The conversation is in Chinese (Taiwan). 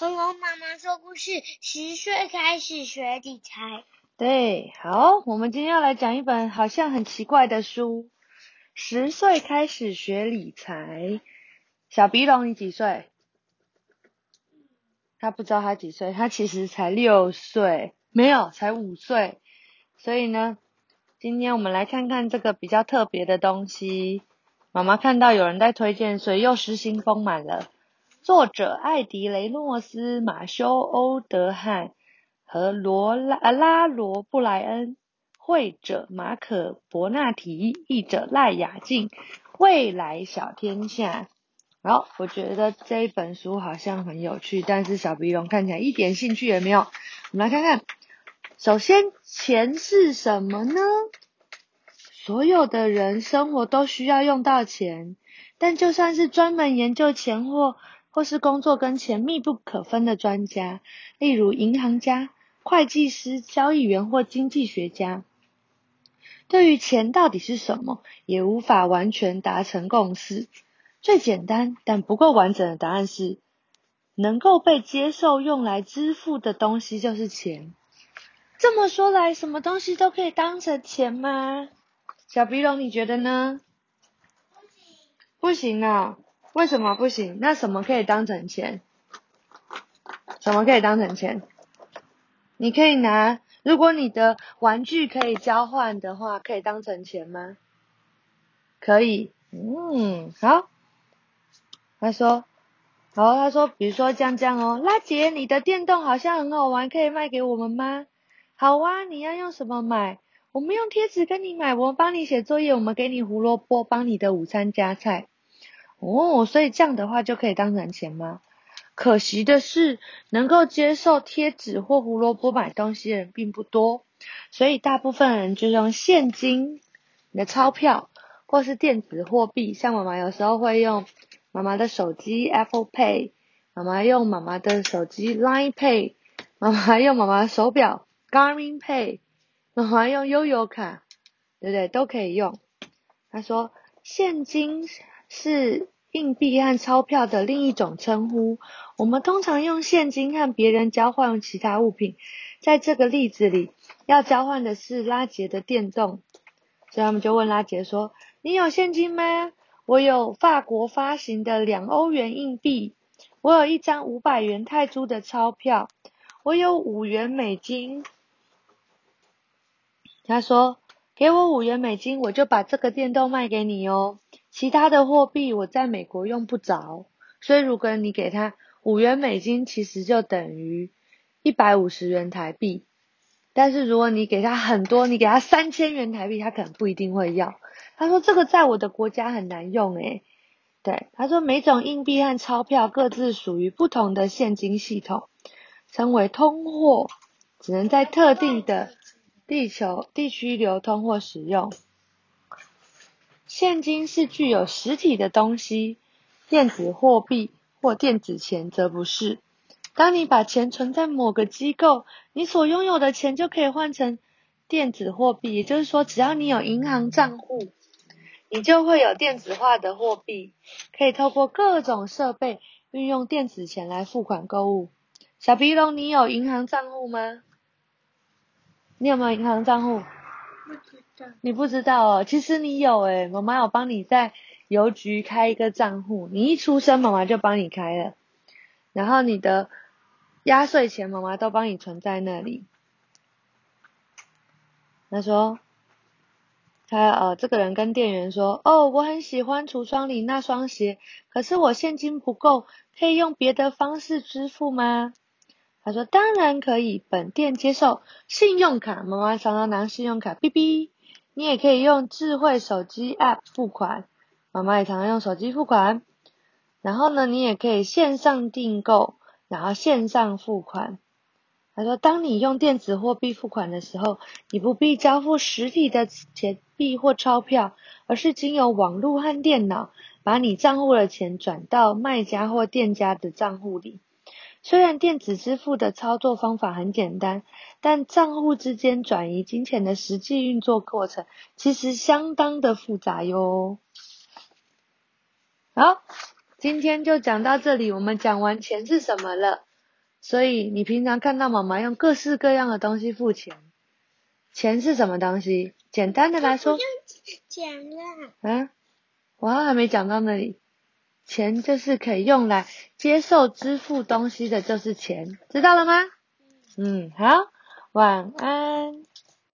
恐龍媽媽說：“故事十歲開始學理財。”對，好，我們今天要來講一本好像很奇怪的書，《十歲開始學理財》。小鼻龍，你幾歲？他不知道他幾歲，他其實才六歲，沒有，才五歲。所以呢，今天我們來看看這個比較特別的東西。媽媽看到有人在推薦，所以又實心豐滿了。作者艾迪雷諾斯、馬修歐德漢和羅拉拉羅布萊恩，繪者馬可博納提，譯者賴雅靜，《未來小天下》。好，我覺得這一本書好像很有趣，但是小鼻龍看起來一點興趣也沒有。我們來看看，首先錢是什麼呢？所有的人生活都需要用到錢，但就算是專門研究錢或或是工作跟錢密不可分的專家，例如銀行家、會計師、交易員或經濟學家，對於錢到底是什麼，也無法完全達成共識。最簡單但不夠完整的答案是：能夠被接受用來支付的東西就是錢。這麼說來，什麼東西都可以當成錢嗎？小鼻龍，你覺得呢？不行，不行啊！為什麼不行？那什麼可以當成錢？什麼可以當成錢？你可以拿，如果你的玩具可以交換的話，可以當成錢嗎？可以，嗯，好。他說，哦，他說，比如說江江哦，拉姐，你的電動好像很好玩，可以賣給我們嗎？好啊，你要用什麼買？我們用貼紙跟你買，我們幫你寫作業，我們給你胡蘿蔔，幫你的午餐加菜。哦，所以這樣的話就可以當成錢嗎？可惜的是，能夠接受貼紙或胡蘿蔔買東西的人並不多，所以大部分人就用現金，你的鈔票，或是電子貨幣。像媽媽有時候會用媽媽的手機 Apple Pay，媽媽用媽媽的手機 Line Pay，媽媽用媽媽的手錶 Garmin Pay，媽媽用悠遊卡，對不對？都可以用。他說現金。是硬幣和鈔票的另一種稱呼。我們通常用現金和別人交換其他物品。在這個例子裡，要交換的是拉杰的電動，所以他們就問拉杰說：“你有現金嗎？”我有法國發行的兩歐元硬幣，我有一張五百元泰銖的鈔票，我有五元美金。他說：“給我五元美金，我就把這個電動賣給你哦。”其他的貨幣我在美國用不着，所以如果你給他五元美金，其實就等於一百五十元台幣。但是如果你給他很多，你給他三千元台幣，他可能不一定會要。他說這個在我的國家很難用哎、欸。對，他說每種硬幣和鈔票各自屬於不同的現金系統，稱為通貨，只能在特定的地球地區流通或使用。現金是具有實體的東西，電子貨幣或電子錢則不是。當你把錢存在某個機構，你所擁有的錢就可以換成電子貨幣，也就是說，只要你有銀行賬戶，你就會有電子化的貨幣，可以透過各種設備運用電子錢來付款購物。小鼻龍，你有銀行賬戶嗎？你有沒有銀行賬戶？你不知道哦？其實你有哎，媽媽有幫你在郵局開一個賬戶，你一出生媽媽就幫你開了，然後你的壓歲錢媽媽都幫你存在那裡。他說，他呃這個人跟店員說，哦我很喜歡櫥窗裡那雙鞋，可是我現金不夠，可以用別的方式支付嗎？他說當然可以，本店接受信用卡。媽媽常常拿信用卡，嗶嗶。你也可以用智慧手機 App 付款，媽媽也常常用手機付款。然後呢，你也可以線上訂購，然後線上付款。他說，當你用電子貨幣付款的時候，你不必交付實體的錢幣或鈔票，而是經由網絡和電腦，把你賬戶的錢轉到賣家或店家的賬戶裡。雖然電子支付的操作方法很簡單，但賬戶之間轉移金錢的實際運作過程其實相當的複雜喲。好，今天就講到這裡。我們講完錢是什麼了，所以你平常看到媽媽用各式各樣的東西付錢，錢是什麼東西？簡單的來說，不用錢了。啊，我好像還沒講到那裡。錢就是可以用來接受支付東西的，就是錢，知道了嗎？嗯，好，晚安。